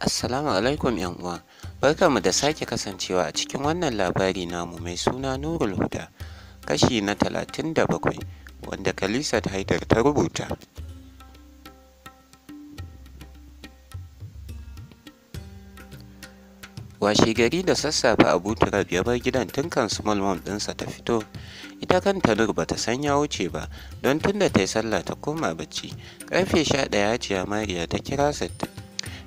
Assalamu alaikum uwa. Barkanmu da sake kasancewa a cikin wannan labari namu mai suna Nurul Huda, kashi na 37 wanda Kalisa Haidar ta rubuta. Washe gari da sassafe Abu Turab ya bar gidan tun kan small mom ɗinsa ta fito. Ita kanta Nur ba ta san ya wuce ba, don tunda ta yi sallah ta koma bacci. Ƙarfe sha ɗaya ce Mariya ta kira Sadiq.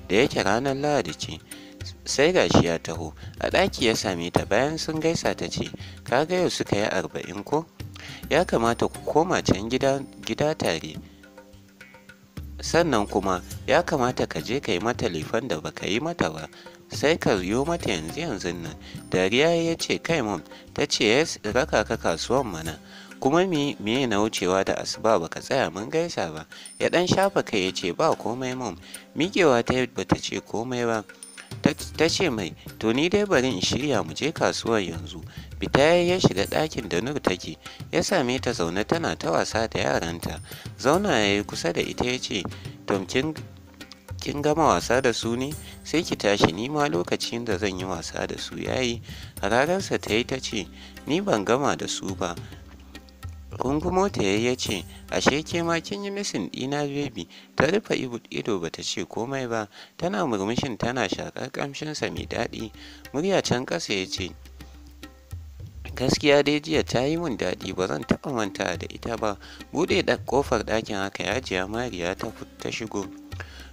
da yake ranar Lahadi ce. Sai gashi ya taho, a ɗaki ya same ta bayan sun gaisa ta ce, ka ga yau suka yi arba'in ko? Ya kamata ku koma can gida tare. sannan kuma ya kamata ka je ka yi mata lifan da baka yi mata ba sai ka yo mata yanzu yanzu nan dariya ya ce kai mom ta ce ya raka ka kasuwan mana kuma mi me na wucewa da asuba baka tsaya mun gaisa ba ya dan shafa kai ya ce ba komai mun miƙewa ta bata ce komai ba ta ce mai to ni dai bari in shirya mu je kasuwar yanzu Fita ya shiga ɗakin da nur take ya same ta zaune tana ta wasa da yaranta zauna ya yi kusa da ita ya ce tom kin gama wasa da su ne sai ki tashi ni ma lokacin da zan yi wasa da su yayi hararsa ta yi ta ce ni ban gama da su ba rungumota ya yayi ya ce ashe ke ma kin yi misin ɗina bebi ta rufe ido ba ta ce komai ba tana murmushin tana shakar ƙamshinsa mai daɗi murya can ƙasa ya ce gaskiya dai jiya ta yi min daɗi ba zan taɓa manta da ita ba buɗe ƙofar ɗakin haka ya jiya mariya ta ta shigo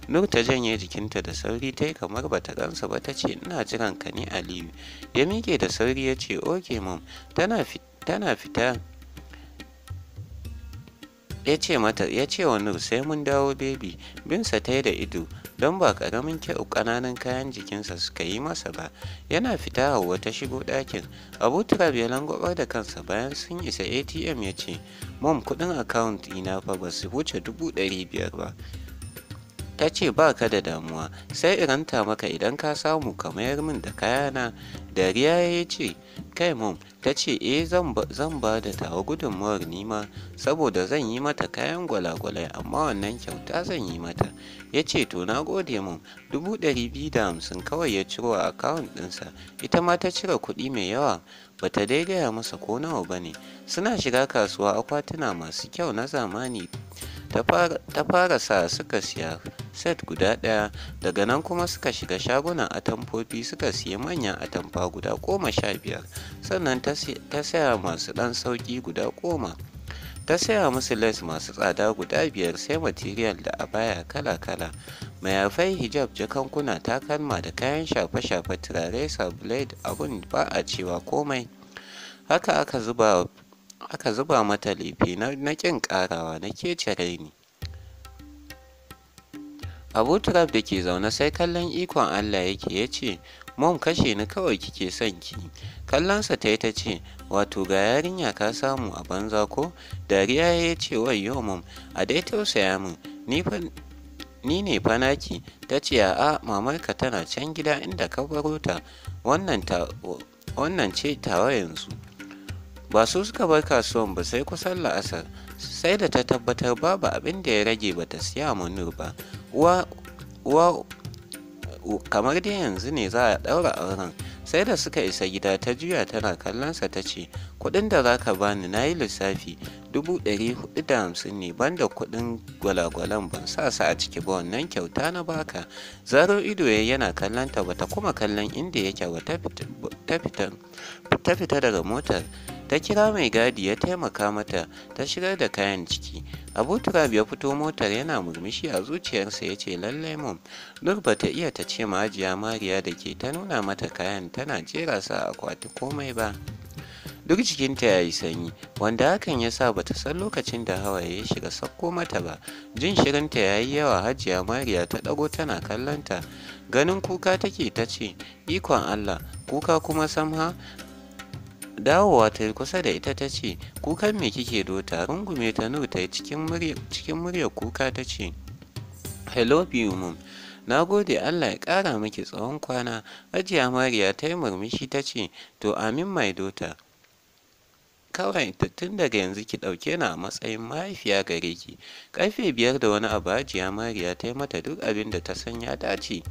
Nur ta janye jikinta da sauri ta yi kamar bata gansa ba ta ce ina jiran ka ne Aliyu. Ya miƙe da sauri ya ce oke mom tana fita ya ce mata ya ce wa nur sai mun dawo baby binsa ta da ido don ba karamin kyau ƙananan kayan jikinsa suka yi masa ba yana fita hawa ta shigo ɗakin abu tura ya langwabar da kansa bayan sun isa atm ya ce mom kuɗin akawunt ina fa ba su wuce dubu ɗari biyar ba ta ce ba ka da damuwa sai iranta maka idan ka samu ka mayar min da kayana dariya ya ce kai mum ta ce e zan ba da tawa gudunmawar nima saboda zan yi mata kayan gwalagwalai amma wannan kyauta zan yi mata ya ce to na gode mum dubu ɗari biyu da hamsin kawai ya ciro a akawun ɗinsa ita ma ta cire kuɗi mai yawa bata dai gaya masa ko nawa ba ne suna shiga kasuwa akwatuna masu kyau na zamani ta fara sa suka siya set guda ɗaya daga nan kuma suka shiga shagunan atamfofi suka siya manyan atamfa guda goma sha biyar sannan ta saya masu ɗan sauƙi guda goma ta saya musu les masu tsada guda biyar sai material da abaya kala-kala mayafai hijab jakankuna takalma da kayan shafe-shafe turare blade abun ba a cewa komai haka aka zuba aka zuba mata lefe na ƙin ƙarawa na kecere ni abu turab da ke zaune sai kallon ikon allah yake ya ce mom kashe ni kawai kike son ki kallonsa ta yi ta ce wato ga yarinya ka samu a banza ko dariya ya ce wayyo mom a dai tausaya min ni ne fanaki ta ce a'a mamarka tana can gida inda ka baro ta wannan ce tawa yanzu ba su suka bar kasuwan ba sai kusan la'asar sai da ta tabbatar babu abin da ya rage ba ta siya munir ba uwa kamar dai yanzu ne za a ɗaura auren sai da suka isa gida ta juya tana kallonsa ta ce kuɗin da za ka bani na yi lissafi dubu ɗari hudu da hamsin ne banda kuɗin gwalagwalan ban sa su a ciki ba wannan kyauta na baka zaro ido ya yana kallonta bata kuma kallon inda yake ba ta fita daga motar ta kira mai gadi ya taimaka mata ta shigar da kayan ciki abu turab ya fito motar yana murmushi a zuciyarsa ya ce lallai mun. nur ba ta iya ta ce hajiya mariya da ke ta nuna mata kayan tana jera sa akwati komai ba duk jikinta ya yi sanyi wanda hakan ya sa bata san lokacin da hawa ya shiga sakko mata ba jin shirinta ya yi yawa hajiya mariya ta ɗago tana kallonta ganin kuka take ta ce ikon allah kuka kuma samha dawowa ta yi kusa da ita ta ce kukan me kike dota rungume ta nu ta yi cikin muryar kuka ta ce hello biyu na gode allah ya ƙara miki tsawon kwana ajiya mariya ta yi murmushi ta ce to amin mai dota kawai tun daga yanzu ki ɗauke na a matsayin mahaifiya gare ki. Ƙarfe biyar da wani abu Hajiya Mariya ta yi mata duk abin da ta san ya dace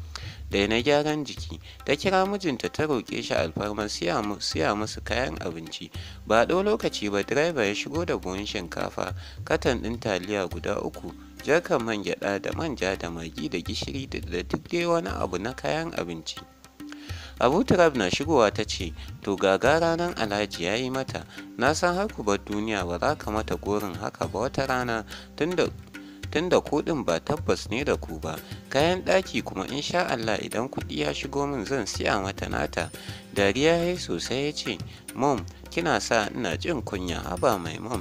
da na gyaran jiki. Ta kira mijinta ta roƙe shi alfarmar siya musu kayan abinci. Ba ɗau lokaci ba direba ya shigo da buhun shinkafa, katon ɗin taliya guda uku, jarkar man gyaɗa da manja da magi da gishiri da duk dai wani abu na kayan abinci. abu turab na shigowa ta ce to gaga ranar alhaji ya yi mata na san har ku bar duniya ba za ka mata gorin haka ba wata rana tun da kuɗin ba tabbas ne da ku ba kayan daki kuma in sha Allah idan kudi ya shigo min zan siya mata nata dariya ya yi sosai ya ce mom kina sa ina jin kunya haba mai mom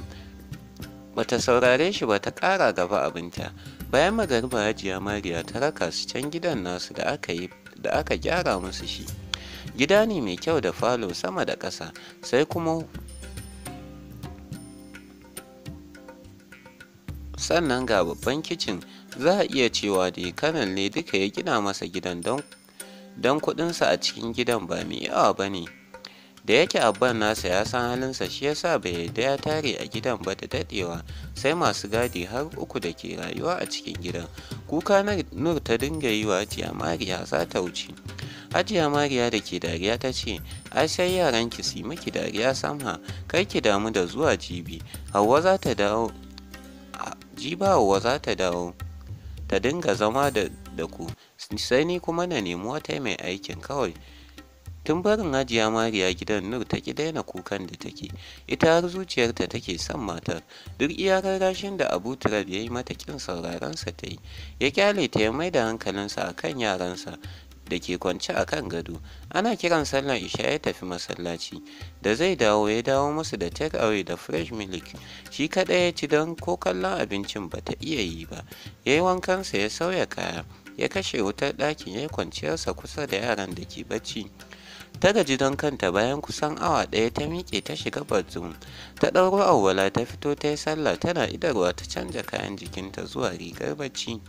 bata saurare shi ba ta ƙara gaba abinta bayan magariba hajiya mariya ta raka su can gidan nasu da aka gyara musu shi Gida ne mai kyau da falo sama da ƙasa, sai kuma sannan ga babban kicin za a iya cewa dai kanan ne duka ya gina masa gidan don kuɗinsa a cikin gidan ba mai yawa ba ne da yake abban nasa ya san halinsa shi yasa bai yarda ya tare a gidan ba da daɗewa sai masu gadi har uku da ke rayuwa a cikin gidan kuka nur ta dinga yi wa jiya mariya za ta wuce Hajiya Mariya da ke dariya ta ce, ai sai yaran ki su miki dariya samha, kai ki damu da zuwa jibi, Hauwa za ta dawo, jiba Hauwa za ta dawo, ta dinga zama da, ku, sai ni kuma na nemi wata mai aikin kawai. Tun barin Hajiya Mariya gidan Nur ta ki daina kukan da take, ita har zuciyarta take son matar, duk iyakar rashin da Abu Turab ya yi mata kin sa ta yi, ya kyale ta ya da hankalinsa a kan yaransa, da ke kwance a kan gado ana kiran sallar isha ya tafi masallaci da zai dawo ya dawo musu da take away da fresh milk shi kaɗai ya ci don ko kallon abincin ba ta iya yi ba ya yi wankansa ya sauya kaya ya kashe wutar ɗakin ya yi kwanciyarsa kusa da yaran da ke bacci ta gaji don kanta bayan kusan awa ɗaya ta miƙe ta shiga bathroom ta ɗauro auwala ta fito ta yi sallah tana idarwa ta canja kayan jikinta zuwa rigar bacci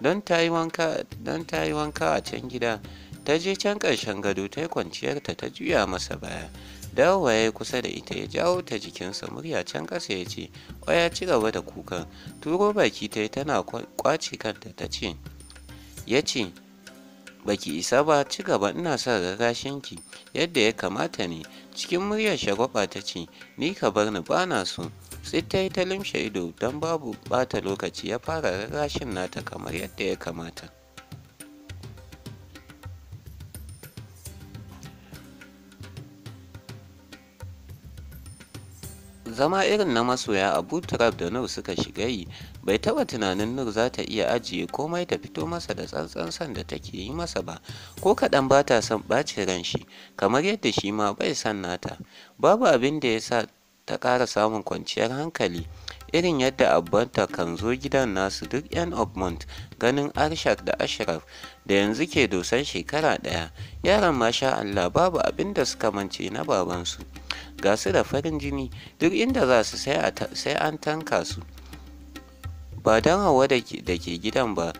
don ta yi wanka a can gida ta je can ƙarshen gado ta yi kwanciyarta ta juya masa baya dawowa ya yi kusa da ita ya jawo ta jikinsa murya can ƙasa ya ce ya ci gaba da kukan turo baki ta yi tana kwace kanta ta ce ya ce baki isa ba ci gaba ina son ki yadda ya kamata ne cikin muryar shagwaba ta ce ni ka bar ni ba so sai ta yi ta ido don babu bata lokaci ya fara rarrashin nata kamar yadda ya kamata zama irin na masoya abu trap da nur suka shiga yi bai taba tunanin nur za ta iya ajiye komai ta fito masa da tsantsan san da take yi masa ba ko kaɗan ba ta son ɓacin ran shi kamar yadda shi ma bai san nata babu abin da ya sa ta ƙara samun kwanciyar hankali. Irin yadda abbanta kan zo gidan nasu duk 'yan of ganin Arshak da Ashraf da yanzu ke dosan shekara ɗaya, yaran masha Allah babu abin da suka mance na babansu. Ga su da farin jini duk inda za su sai an tanka su. Ba don hawa da ke gidan ba.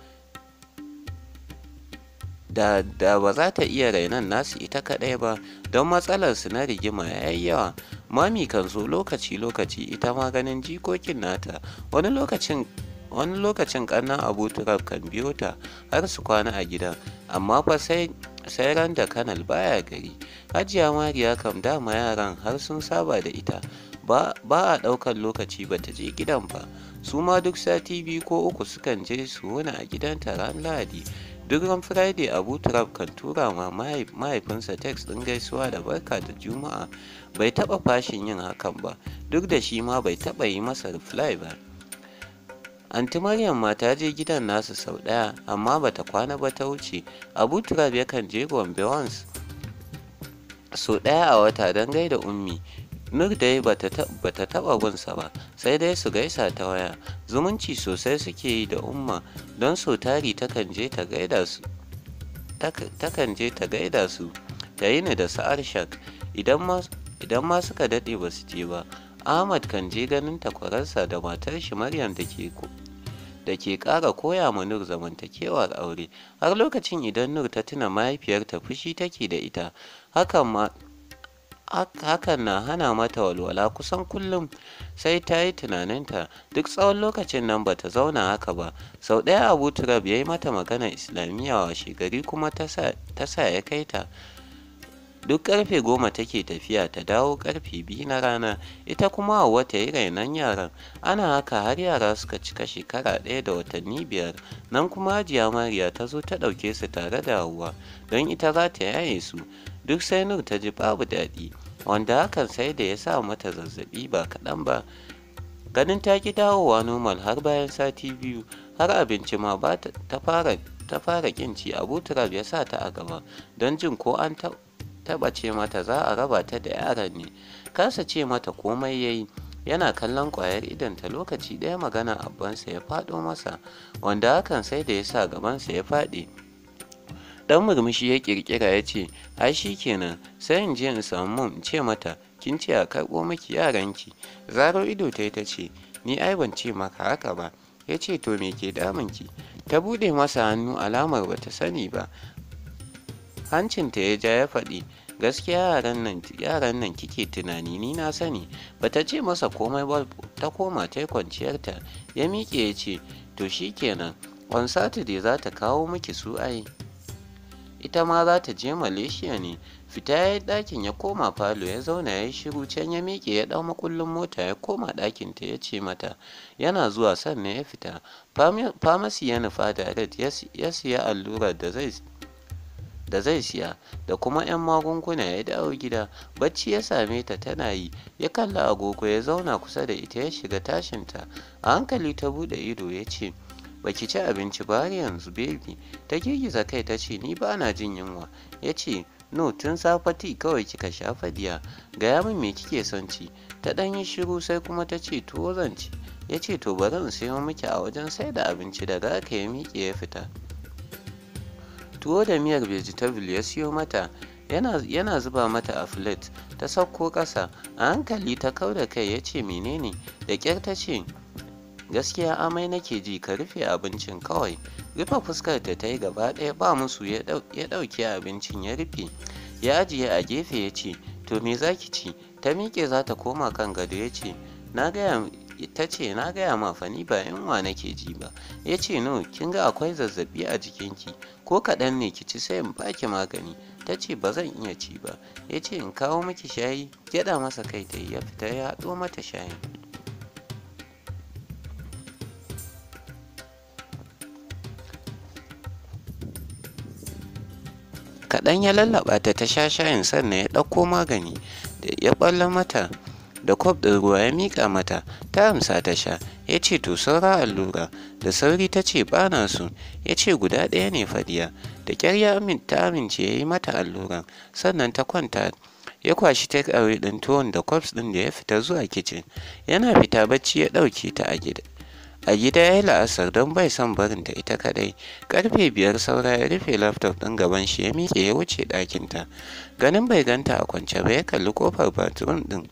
da da ba za ta iya rainon nasu ita kaɗai ba don matsalar su na rigima ya yawa mami kan zo lokaci-lokaci ita ma ganin jikokin nata wani lokacin wani lokacin kannan abu turaf kan biyo ta har su kwana a gidan amma fa sai sai ran da kanal baya gari hajiya mariya kam dama yaran har sun saba da ita ba a ɗaukar lokaci ba ta je gidan ba su ma duk sati biyu ko uku sukan je su wani a gidanta ran lahadi duk ran friday abu turab kan tura ma mahaifinsa text ɗin gaisuwa da barka da juma'a bai taɓa fashin yin hakan ba duk da shi ma bai taɓa yi masa reply ba anti maryam ma ta je gidan nasu sau ɗaya amma bata kwana ba ta wuce abu turab yakan je gombe once sau ɗaya a wata don gaida ummi Nur dai ta taɓa gunsa ba, sai dai su gaisa ta waya, zumunci sosai suke yi da umma don so tari takan je ta gaida su. ta yi ni da sa'ar shak, idan ma suka daɗe ba su je ba, Ahmad kan je ganin takwararsa da matar shi Maryam da ke da ke ƙara koya ma Nur zamantakewar aure har lokacin idan Nur ta tuna mahaifiyarta fushi take da ita hakan ma hakan na hana mata walwala kusan kullum sai ta yi tunaninta duk tsawon lokacin nan ba ta zauna haka ba sau ɗaya abu turab ya yi mata magana islamiyya wa shigari kuma ta sa ya kai ta duk karfe goma take tafiya ta dawo karfe biyu na rana ita kuma a ta yi rainan yaran ana haka har yara suka cika shekara ɗaya da watanni biyar nan kuma hajiya mariya ta zo ta ɗauke su tare da Hauwa don ita za ta yaye su duk sai nur ta ji babu daɗi wanda hakan sai da ya sa mata zazzaɓi ba kaɗan ba ganin ta ki dawowa normal har bayan sati biyu har abinci ma ba ta fara ta fara kinci abu ya sa ta a gaba don jin ko an taɓa ce mata za a raba ta da yaran ne Kansa ce mata komai ya yi yana kallon ƙwayar idanta lokaci ɗaya magana abbansa ya faɗo masa wanda hakan sai da ya sa gabansa ya faɗi dan murmushi ya kirkira ya ce ai shi kenan sai in je in samu mun ce mata kin ce a karɓo miki yaranki zaro ido ta ta ce ni ai ban ce maka haka ba ya ce to me ke ki? ta buɗe masa hannu alamar ba ta sani ba hancinta ya ja ya faɗi gaskiya yaran nan kike tunani ni na sani bata ce masa komai ba ta koma ta kwanciyarta ya miƙe ya ce to shikenan on saturday za ta kawo miki su ai ita ma za ta je Malaysia ne. Fita ya yi ɗakin ya koma falo ya zauna ya yi shiru can ya miƙe ya ɗau makullin mota ya koma ɗakinta ya ce mata yana zuwa sannan ya fita. Famasi ya nufa da red ya siya allurar da zai da zai siya da kuma 'yan magunguna ya dawo gida bacci ya same ta tana yi ya kalla agogo ya zauna kusa da ita ya shiga tashinta a hankali ta buɗe ido ya ce ba ki ci abinci ba har yanzu baby. ta girgiza kai ta ce ni ba na jin yunwa ya ce no tun safe ti kawai kika sha fadiya gaya min me kike son ci ta ɗan yi shiru sai kuma ta ce tuwo zan ci ya ce to bari in sayo miki a wajen sai da abinci daga aka ya miƙe ya fita tuwo da miyar vegetable ya siyo mata yana, zuba mata a filet ta sauko ƙasa a hankali ta kau da kai ya ce menene da kyar ta ce gaskiya amai nake ji ka rufe abincin kawai rufe fuskar ta ta yi gaba ɗaya ba musu ya ɗauki abincin ya rufe ya ajiye a gefe ya ce to me za ki ci ta miƙe za ta koma kan gado ya ce ta ce na gaya ma fani ba yunwa nake ji ba ya ce no kin ga akwai zazzabi a jikinki ko kaɗan ne ki ci sai in baki magani ta ce ba zan iya ci ba ya ce in kawo miki shayi gyaɗa masa kai ta yi ya fita ya haɗo mata shayin kaɗan ya lallaɓa ta ta sha shayin sannan ya ɗauko magani da ya ɓalla mata da kwaf ɗin ruwa ya miƙa mata ta amsa ta sha ya ce to saura allura da sauri ta ce ba su ya ce guda ɗaya ne fadiya da ƙyar ya ta amince ya yi mata alluran sannan ta kwanta ya kwashi take away ɗin tuwon da kwabs ɗin da ya fita zuwa kicin yana fita bacci ya ɗauke ta a gida a gida ya yi la'asar don bai son barin ta ita kadai karfe biyar saura ya rufe laptop din gaban shi ya miƙe ya wuce ɗakinta ganin bai ganta a kwance ba ya kalli kofar bathroom din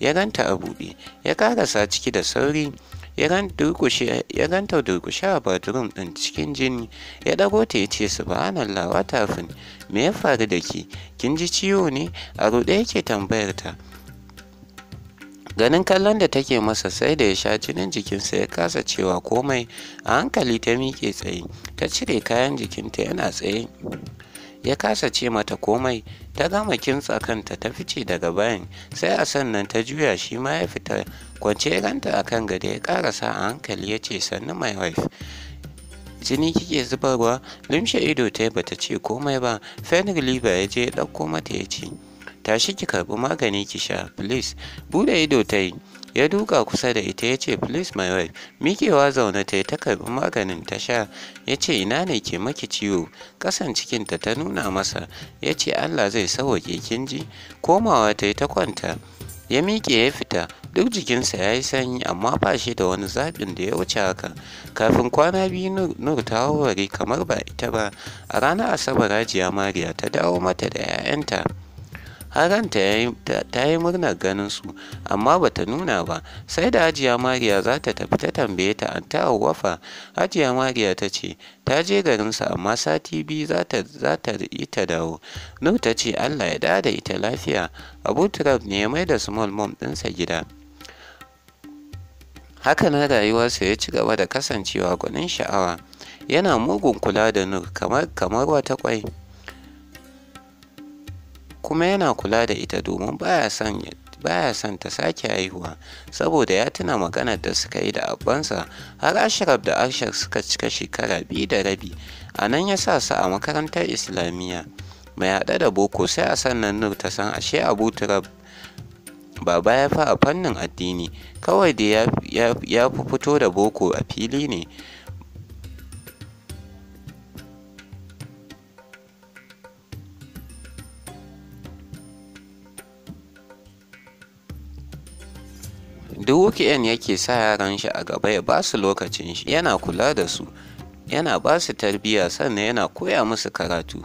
ya ganta a buɗe ya karasa ciki da sauri ya ganta durkushe a bathroom din cikin jini ya ɗago ta ya ce subhanallah tafin me ya faru da ki kin ji ciwo ne a ruɗe yake tambayar ta ganin kallon da take masa sai da ya sha jinin jikinsa ya kasa cewa komai a hankali ta miƙe tsaye ta cire kayan jikinta yana tsaye ya kasa ce mata komai ta gama kintsa kanta ta fice daga bayan sai a sannan ta juya shi ma ya fita kwance ganta a kan gada ya karasa a hankali ya ce sannu my wife jini kike zubarwa limshe ido ta bata ce komai ba fenric liba ya je ya ɗauko mata ya ce tashi ki karbi magani ki sha please Bude ido ta yi ya duka kusa da ita ya ce please my wife mikewa zaune ta yi ta karbi maganin ta sha ya ce ina ne ke maki ciwo ƙasan cikinta ta nuna masa ya ce allah zai sauwaƙe kin ji komawa ta yi ta kwanta ya miƙe ya fita duk jikinsa ya yi sanyi amma ba shi da wani zaɓin da ya wuce haka kafin kwana biyu nur ta warware kamar ba ita ba a ranar asabar Hajiya mariya ta dawo mata da 'ya'yanta Haran ta yi murnar ganin su, amma ba ta nuna ba, sai da Hajiya Mariya za ta tafi ta tambaye ta an ta wafa. Hajiya Mariya ta ce, ta je garinsa amma sati biyu za ta yi ta dawo. Nur ta ce Allah ya da da ita lafiya, Abu Turab ne ya mai da small mom ɗinsa gida. Haka na rayuwarsa ya ci gaba da kasancewa gwanin sha'awa, yana mugun kula da Nur kamar wata kwai. kuma yana kula da ita domin ba ya son ta sake haihuwa saboda ya tuna maganar da suka yi da abbansa har Ashraf da ashirar suka cika shekara biyu da rabi a nan ya sa su a makarantar Islamiyya mai haɗe da boko sai a sannan Nur ta san ashe Abu Turab baba ya fa a fannin addini kawai da ya fi fito da boko a fili ne duk yan yake sa yaran shi a gaba ya ba su lokacin shi yana kula da su yana ba su tarbiyya sannan yana koya musu karatu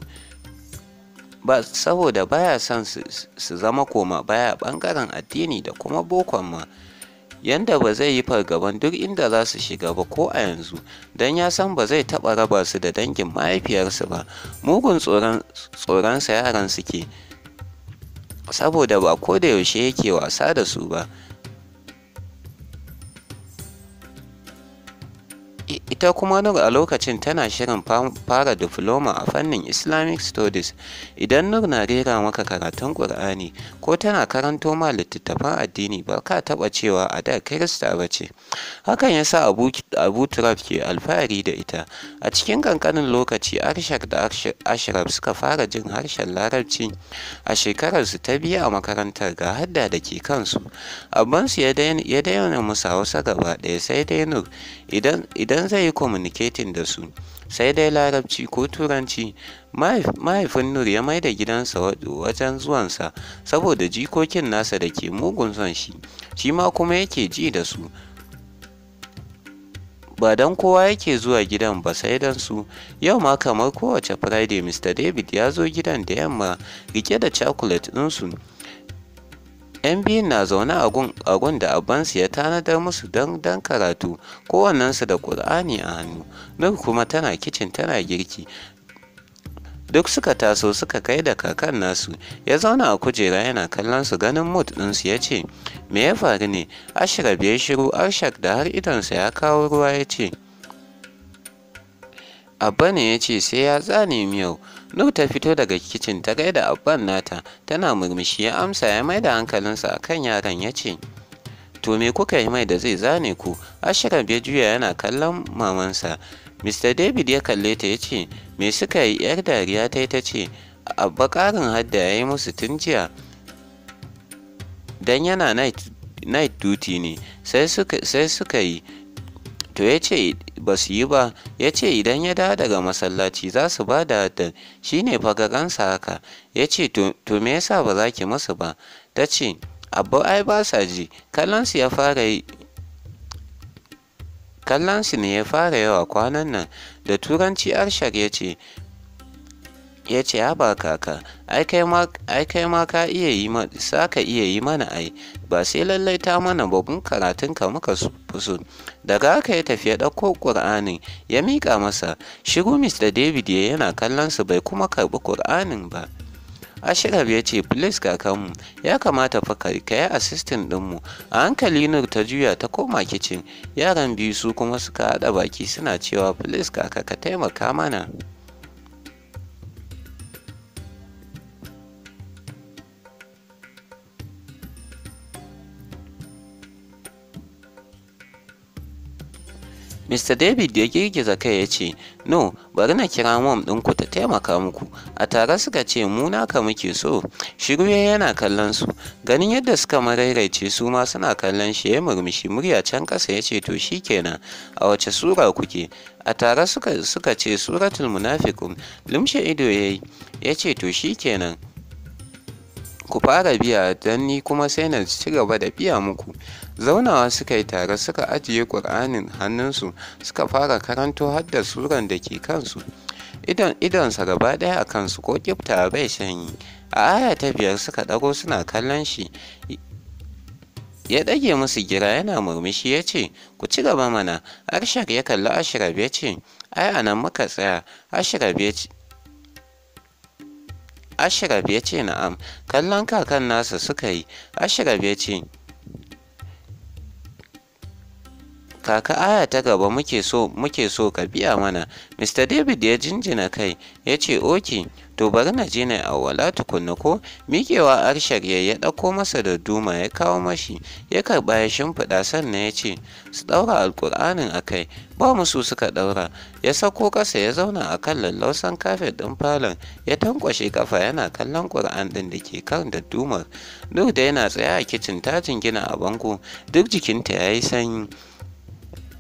ba saboda baya son su zama koma baya bangaren addini da kuma bokon ma yanda ba zai yi fargaban duk inda za su shiga ba ko a yanzu don ya san ba zai taɓa raba su da dangin mahaifiyarsu ba mugun tsoronsa yaran suke saboda ba ko da yaushe yake wasa da su ba Ita kuma Nur a lokacin tana shirin fara difloma a fannin Islamic Studies. Idan Nur na rera maka karatun Ƙur'ani ko tana karanto ma littattafan addini ba ka taɓa cewa a da Kirista ba ce. Hakan ya sa Abu turaf ke alfahari da ita. A cikin kankanin lokaci Arshak da Ashraf suka fara jin harshen Larabci a shekararsu ta biya a makarantar ga hadda da ke kansu. Abansu ya daina musu Hausa gaba ɗaya sai dai Nur idan zai communicating da su, sai dai Larabci ko Turanci. Mahaifin Nur ya maida gidansa wajen zuwansa saboda jikokin nasa da ke mugun son shi, shi ma kuma yake ji da su. ba don kowa yake zuwa gidan ba sai don su yau ma kamar kowace friday mr david ya zo gidan da yamma rike da chocolate ɗinsu ‘Yan biyun na zaune a gun da abansu ya tanadar musu don karatu, kowannensu da Ƙur'ani a hannu, Nur kuma tana kicin tana girki. Duk suka taso suka kai da kakan nasu, ya zauna a kujera yana kallon su ganin mut ɗinsu ya ce, Me ya faru ne? Ashraf ya shiru Arshak da har idonsa ya kawo ruwa ya ce, Abba ne ya ce sai ya tsane miyau. Nur ta fito daga kicin ta gaida abban nata tana murmushi ya amsa ya mai maida hankalinsa a kan yaran ya ce to me kuka yi mai da zai zane ku Ashira ya juya yana kallon mamansa mr david ya kalle ta ya ce me suka yi yar dariya ta ta ce abba ƙarin hadda ya yi musu tun jiya don yana night duty ne sai suka yi to ya ce ba su yi ba ya ce idan ya dawo daga masallaci za su ba da da shi ne fagagansa haka ya ce to me yasa ba za ki musu ba ta ce abu ai ba sa ji kallonsu ya ne ya fara yawa kwanan nan da turanci arshar ya ce ya ce 'Ya ba kaka ai kai ma ka iya yi sa iya yi mana ai ba sai lallai ta mana babun karatun ka muka fuso daga haka ya tafi ya ɗauko ƙur'anin ya miƙa masa shiru mr david ya yana kallon su bai kuma karɓi ƙur'anin ba Ashraf ya ce, Please kakanmu, ya kamata fa ka yi assistant ɗinmu. A hankali Nur ta juya ta koma kicin, yaran biyu su kuma suka haɗa baki suna cewa, Please kaka ka taimaka mana. Mr. David ya girgiza kai ya ce, No, bari na kira mom ɗinku ta taimaka muku. A tare suka ce, Mu naka muke so. Shiru ya yana kallon su. Ganin yadda suka marairaice su ma suna kallon shi ya murmushi murya can ƙasa ya ce, To shi kenan, a wace sura kuke? A tare suka, ce, Suratul munafikun. Lumshe ido ya yi, ya ce, To shi kenan. ku fara biya don ni kuma sai na ci gaba da biya muku. Zaunawa suka yi tare suka ajiye Ƙur'anin hannunsu suka fara karanto har da suran da ke kansu. Idon idonsa gaba ɗaya a kansu ko ƙifta bai shanyi. A aya ta biyar suka ɗago suna kallon shi. ya ɗage musu gira yana murmushi ya ce ku ci gaba mana arshak ya kalli ashirab ya ce ai a nan muka tsaya ashirab ya ce Ashraf ya ce na'am, kallon kakan nasa suka yi, Ashraf ya ce, kaka aya ta gaba muke so muke so ka biya mana mr david ya jinjina kai ya ce oke to bari na je na awwala tukunna ko miƙewa arshar ya ya ɗauko masa da duma ya kawo mashi ya karɓa ya shimfiɗa sannan ya ce su ɗaura alƙur'anin a kai ba musu suka ɗaura ya sako ƙasa ya zauna a kan lallausan kafet ɗin falon ya tankwashe ƙafa yana kallon ƙur'an ɗin da ke kan da dumar duk da yana tsaye a kicin ta gina a bango duk jikinta ya yi sanyi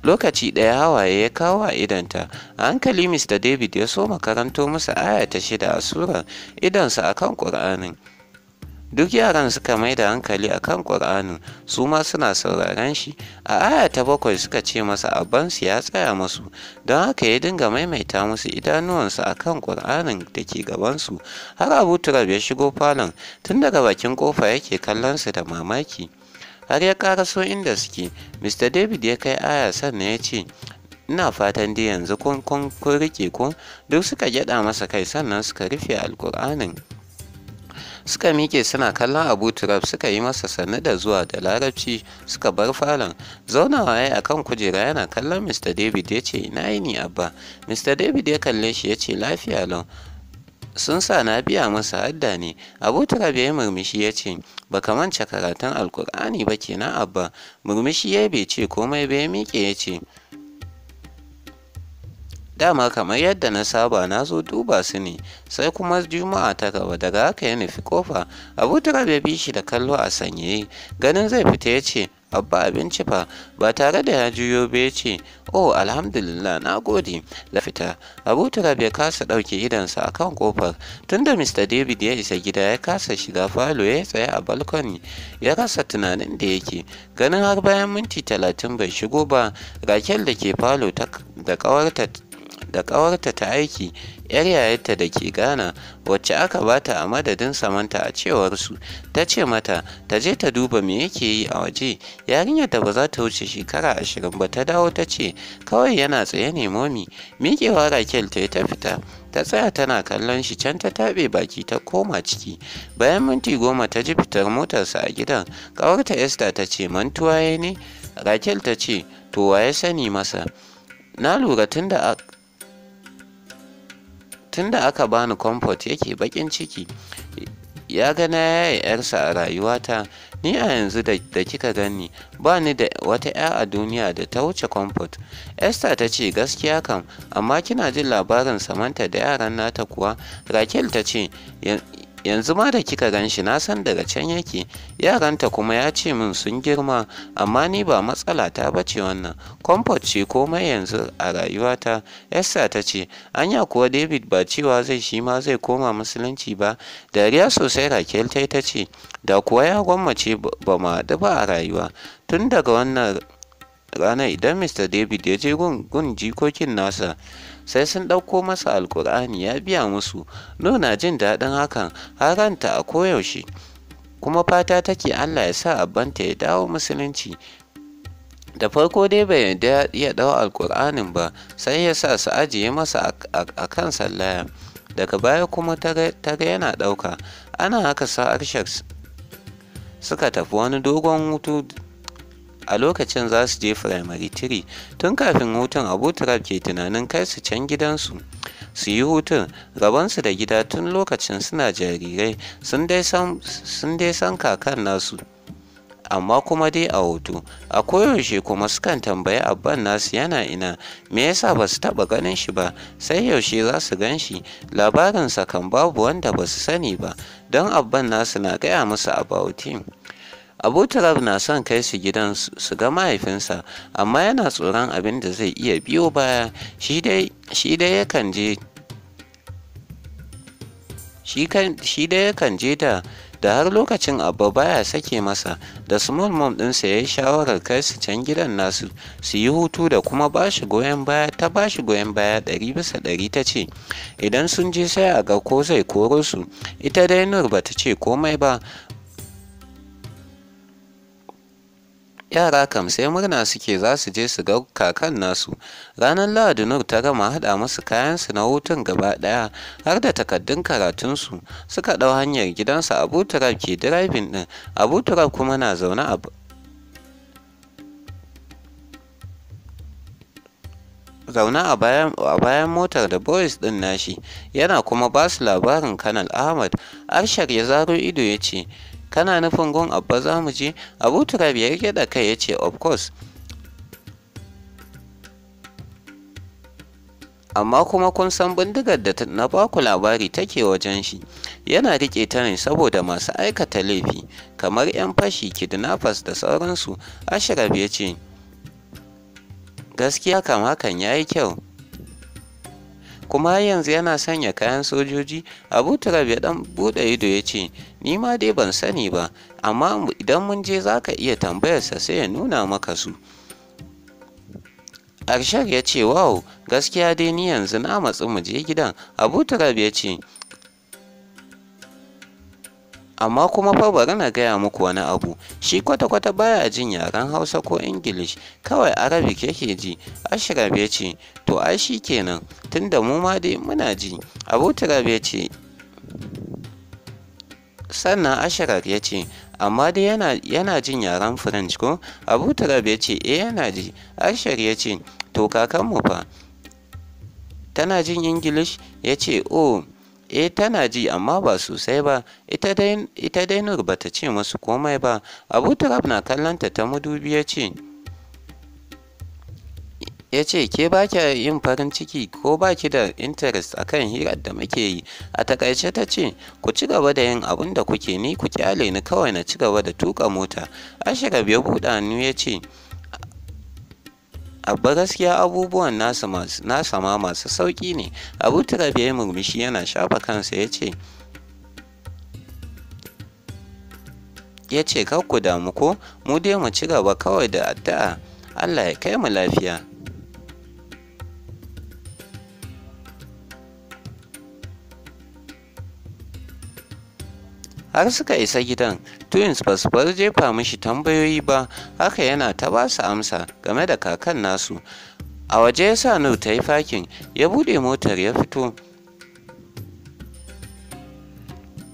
lokaci ɗaya hawaye ya kawo a idanta a hankali mr david ya so makaranto musu aya ta shida a surar idansa a kan ƙur'anin duk yaran suka mai da hankali a kan ƙur'anin su ma suna sauraren shi a aya ta bakwai suka ce masa abansu ya tsaya musu, don haka ya dinga maimaita musu idanuwansu a kan ƙur'anin da ke gabansu har abu turab ya shigo falon tun daga bakin ƙofa yake kallonsu da mamaki har ya karaso inda suke mr david ya kai aya sannan ya ce ina fatan dai yanzu kun kun rike ko duk suka gyada masa kai sannan suka rufe alkur'anin suka miƙe suna kallon abu turab suka yi masa sannu da zuwa da larabci suka bar falon zaunawa ya akan kujera yana kallon mr david ya ce ina ni, abba mr david ya kalle shi ya ce lafiya lau sun sa na biya masa hadda ne abu turabe ya murmushi ya ce ba ka manta karatun alkur'ani ba ke na abba murmushi ya bai ce komai bai miƙe ya ce dama kamar yadda na saba na zo duba su ne sai kuma juma'a ta gaba daga haka ya nufi kofa abu turabe bi shi da kallo a sanyaye ganin zai fita ya ce abba abinci ba, ba tare da ya juyo ba ya ce oh alhamdulillah na gode la fita abu turab ya kasa ɗauke idansa a kan ƙofar tunda mr david ya isa gida ya kasa shiga falo ya tsaya a balkoni ya rasa tunanin da yake ganin har bayan minti talatin bai shigo ba rakel da ke falo da kawarta da ƙawarta ta aiki 'yar yayarta da ke Ghana wacce aka bata a madadin samanta a cewar su ta ce mata ta je ta duba me yake yi a waje yarinyar da ba za ta wuce shekara ashirin ba ta dawo ta ce kawai yana tsaye ne momi miƙewa Rakel ta yi ta fita ta tsaya tana kallon shi can ta taɓe baki ta koma ciki bayan minti goma ta ji fitar motarsa a gidan ƙawarta esther ta ce mantuwa ya ne rakel ta ce to wa ya sani masa na lura tun da tun da aka bani comfort yake baƙin ciki ya gana na yaya yarsa a rayuwata ni a yanzu da kika gani ba ni da wata 'ya a duniya da ta wuce comfort esther ta ce gaskiya kam amma kina jin labarin samanta da yaran nata kuwa rachel ta ce yanzu ma da kika gan shi na san daga can yake yaranta kuma ya ce min sun girma amma ni ba matsala ta bace wannan comfort ce komai yanzu a rayuwata esther ta ce anya kuwa david ba cewa zai shi ma zai koma musulunci ba dariya sosai rakel ta ta ce da kuwa ya gwammace ba ma da ba a rayuwa tun daga wannan ranar idan mr david ya je gun jikokin nasa sai sun ɗauko masa Alƙur'ani, ya biya musu nuna jin daɗin hakan haranta a koyaushe kuma fata take allah ya sa abbanta ya dawo musulunci da farko dai bai yarda ya ɗau Alƙur'anin ba sai ya sa su ajiye masa a kan sallaya daga baya kuma ta ga yana ɗauka ana haka sa arshak suka tafi wani dogon hutu a lokacin za su je firamare tiri, tun kafin hutun abuturab ke tunanin kai su can gidansu su yi hutun rabonsu da gida tun lokacin suna jarirai sun dai san kakan nasu amma kuma dai a hoto a koyaushe kuma sukan tambayi abban nasu yana ina me yasa ba su taɓa ganin shi ba sai yaushe za su gan shi labarinsa kan babu wanda ba su sani ba don abban nasu na gaya musu about him Abu na son kai su gidan su ga mahaifinsa, amma yana tsoron abin da zai iya biyo baya, shi dai yakan je shi dai yakan je da da har lokacin abba baya sake masa da small mom ɗinsa ya yi shawarar kai su can gidan nasu su yi hutu da kuma shi goyon baya ta bashi goyon baya ɗari bisa ɗari ta ce idan sun je sai a ga ko zai koro su ita dai nur ba ta ce komai ba yara kam sai murna suke za su je su ga kakan nasu ranar lahadi nur ta gama haɗa masu kayansu na hutun gaba ɗaya har da takaddun karatunsu suka ɗau hanyar gidansa abu turab ke direbin ɗin abu turab kuma na zaune a zaune a bayan motar da boris ɗin nashi yana kuma ba su labarin kanal ahmad arshar ya zaro ido ya ce kana nufin gun abba za mu je abu turab ya da kai ya ce of course amma kuma kun san bindigar da na baku labari take wajen shi yana riƙe ta ne saboda masu aikata laifi kamar 'yan fashi kidnappers da sauransu ashraf ya ce gaskiya kam hakan ya yi kyau kuma yanzu yana sanya kayan sojoji abu turab ya dan buɗe ido ya ce ni ma dai ban sani ba amma idan mun je za ka iya tambayarsa sai ya nuna maka su arshar ya ce wow gaskiya dai ni yanzu na matsi mu je gidan abu turab ya ce amma kuma fa bari na gaya muku wani abu shi kwata-kwata baya jin yaren hausa ko ingilish kawai arabic yake ji Ashirar ya ce to ai shi kenan tunda mu ma dai muna ji abu turab ya ce sannan ashirar ya ce amma dai yana, jin yaren french ko abu turab ya ce eh yana ji ashar ya ce to kakanmu fa tana jin ingilish ya ce oh eh tana ji amma ba sosai ba ita dai nur ba ta ce masu komai ba abu turab na kallonta ta mudubi ya ce ya ce ke ba kya yin farin ciki ko ba ki da interest a kan hirar da muke yi a takaice ta ce ku ci gaba da yin abin da kuke ni ku kyale ni kawai na ci gaba da tuka mota ashirab ya buɗa hannu ya ce abba gaskiya abubuwan nasa ma masu sauƙi ne abu turab ya yi murmushi yana shafa kansa ya ce ya ce kar ku damu ko mu dai mu ci gaba kawai da addu'a Allah ya kai mu lafiya har suka isa gidan twins ba su bar jefa mashi tambayoyi ba haka yana ta ba su amsa game da kakan nasu a waje ya sa nur ta yi fakin ya buɗe motar ya fito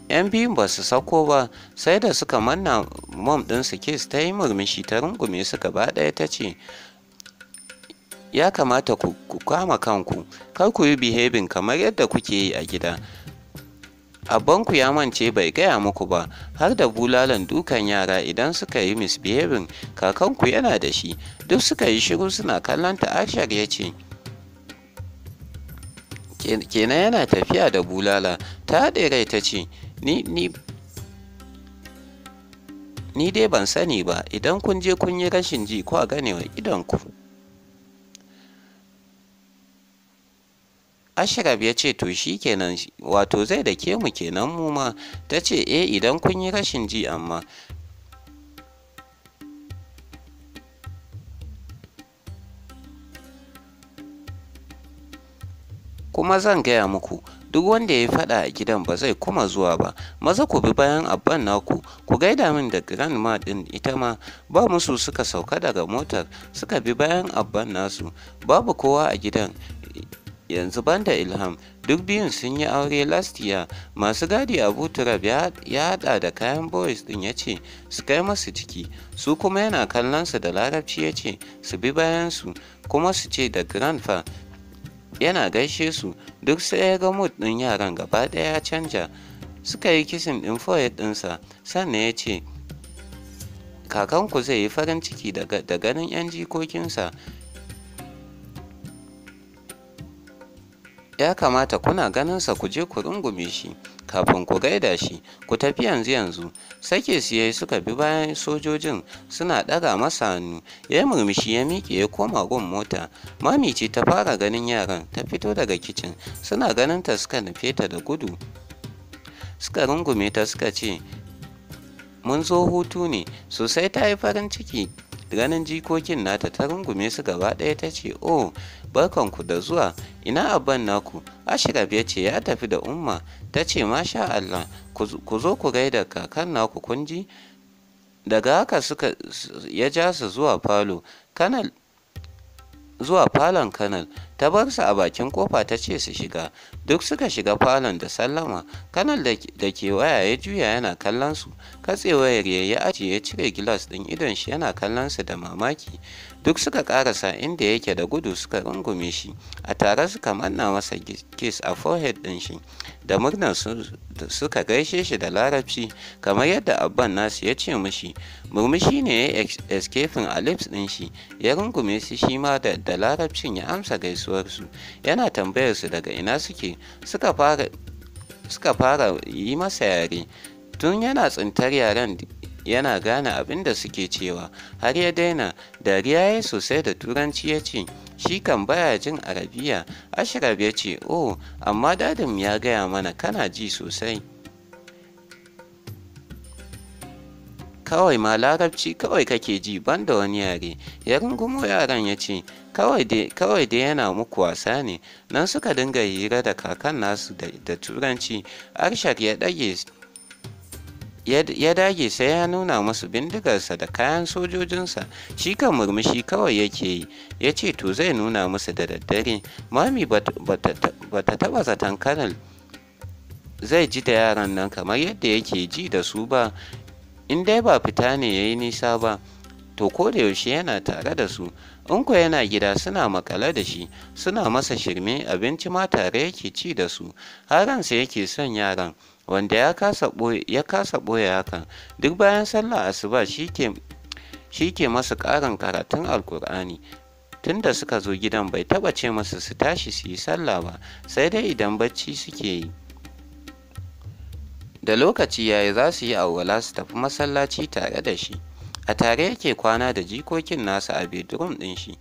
yan biyun ba su sako ba sai da suka manna mom su kes ta yi murmushi ta rungume su gaba ɗaya ta ce ya kamata ku kama kanku kar ku yi behaving kamar yadda kuke yi a gida Abbanku ya mance bai gaya muku ba, har da bulalan dukan yara idan suka yi misbehaving kakanku yana da shi, duk suka yi shiru suna kallon ta Ashar ya ce. Kenan yana tafiya da bulala, ta haɗe rai ta ce, ni, dai ban sani ba, idan kun je kun yi rashin ji kwa ganewa idonku. Ashraf ya ce to shi kenan wato zai da ke mu kenan mu ma ta ce eh idan kun yi rashin ji amma kuma zan gaya muku duk wanda ya yi faɗa a gidan ba zai kuma zuwa ba maza ku bi bayan abban naku ku gaida min da grand ma ɗin ita ma ba musu suka sauka daga motar suka bi bayan abban nasu babu kowa a gidan yanzu banda ilham duk biyun sun yi aure last year masu gadi abu turab ya hada da kayan boys din ya ce su kai masu ciki su kuma yana kallon su da larabci ya ce su bi bayan su kuma su ce da grandpa yana gaishe su duk sai ya ga mood din yaran gaba daya ya canja suka yi kisin din foyet dinsa sannan ya ce kakanku zai yi farin ciki da ganin 'yan jikokinsa ya kamata kuna ganinsa ku je ku rungume shi kafin ku gaida shi ku tafi yanzu yanzu sake su yayi suka bi bayan sojojin suna ɗaga masa hannu ya murmushi ya miƙe ya koma gun mota mamici ta fara ganin yaran ta fito daga kicin suna ganin ta suka nufe ta da gudu suka rungume ta suka ce mun zo hutu ne sosai ta yi farin ciki ganin jikokin nata ta rungume su gaba ɗaya ta ce oh barkanku da zuwa ina abban naku ashraf ya ce ya tafi da umma ta ce masha allah ku zo ku gaida kakan naku kun ji daga haka suka ya ja su zuwa falon kanal ta bar su a bakin kofa ta ce su shiga duk suka shiga falon da sallama kanal da ke waya ya juya yana kallon su katsewayar ya yi ajiye ya cire gilas ɗin idon shi yana kallon su da mamaki duk suka karasa inda yake da gudu suka rungume shi a tare suka manna masa kiss a forehead ɗin shi da murnar suka gaishe shi da larabci kamar yadda abban nasu ya ce mishi murmushi ne ya escaping a lips ɗin shi ya rungume shi shi ma da larabcin ya amsa gaisu. kasuwarsu yana tambayar su daga ina suke suka fara yi masa yare tun yana tsintar yaren yana gane abin da suke cewa har ya daina dariya ya sosai da turanci ya ce shi kan baya jin arabiya ashirar ya ce oh amma dadin ya gaya mana kana ji sosai kawai ma larabci kawai kake ji banda wani yare ya rungumo yaran ya ce kawai dai yana muku wasa ne nan suka dinga hira da kakan nasu da turanci arshak ya dage sai ya nuna musu bindigarsa da kayan sojojinsa shi kan murmushi kawai yake yi ya ce to zai nuna musu da daddare mami ba ta taba zaton kanal zai ji da yaran nan kamar yadda yake ji da su ba in dai ba fita ne ya yi nisa ba to ko da yaushe yana tare da su Unko yana gida suna makale da shi, suna masa shirme abinci ma tare yake ci da su, haransa yake son yaran, wanda ya kasa ɓoye hakan, duk bayan sallah asuba shi ke masa ƙarin karatun alkur'ani Tun da suka zo gidan bai taɓa ce masa su tashi su yi sallah ba, sai dai idan bacci suke yi. Da lokaci yayi za su yi awwala su tafi masallaci tare da shi. A tare yake kwana da jikokin nasa a bedroom ɗin shi.